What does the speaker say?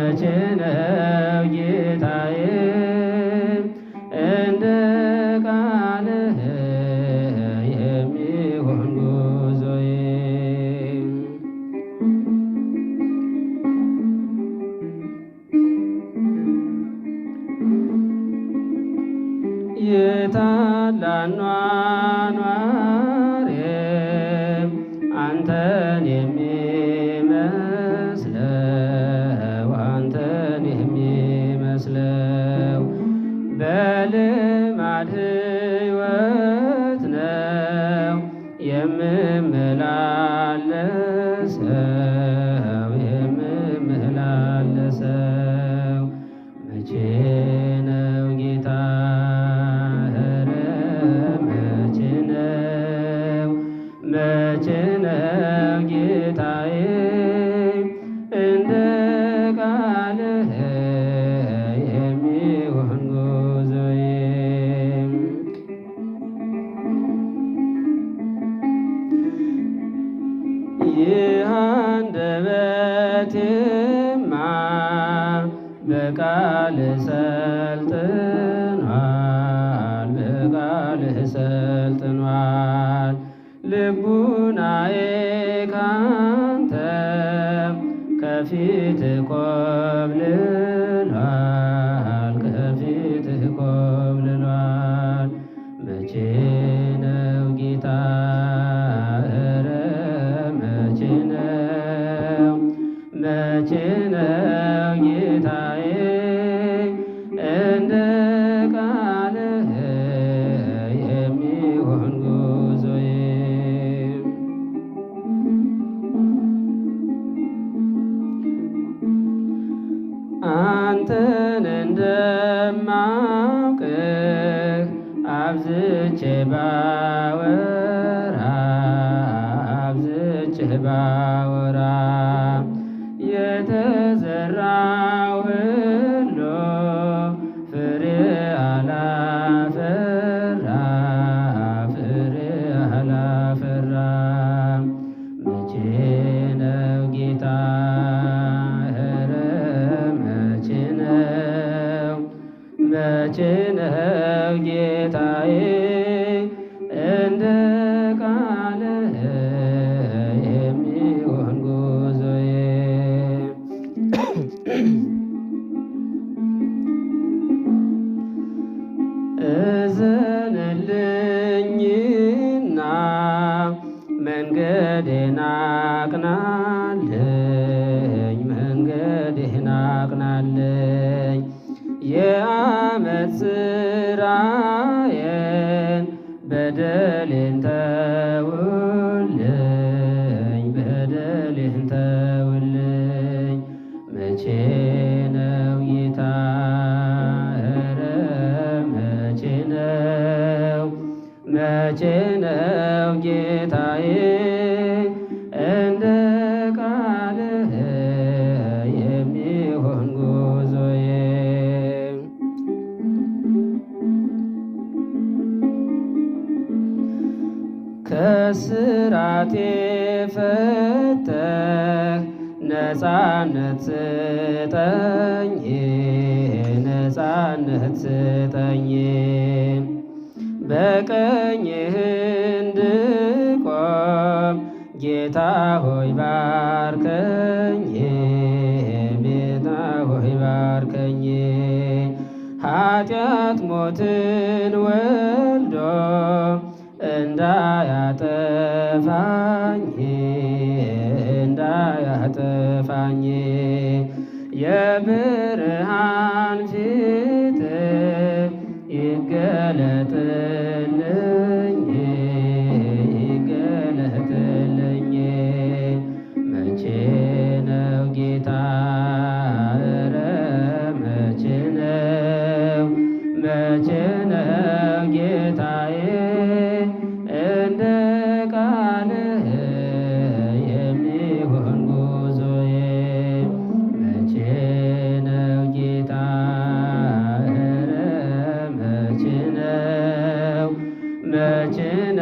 መቼ ነው ጌታዬ እንደ ቃልህ የሚሆን ጉዞዬ? የታላኗ እውነትማ በቃልህ ሰልጥኗል፣ በቃልህ ሰልጥኗል። ልቡናዬ ካንተ ከፊት ኮብልል አንተን እንደማውቅህ አብዝቼ ባወራ አብዝቼ ባ እንደ ቃልህ የሚሆን ጉዞዬ እዘንልኝና መንገዴን አቅናልኝ አቅናልኝ ከስራቴ ፈተህ ነፃነት ስጠኝ ነፃነት ስጠኝ በቀኝህ እንድቆም ጌታ ሆይ ባርከኝ ጌታ ሆይ ባርከኝ ኃጢአት ሞትን ወልዶ እንዳያጠፋኝ እንዳያጠፋኝ የብ imagine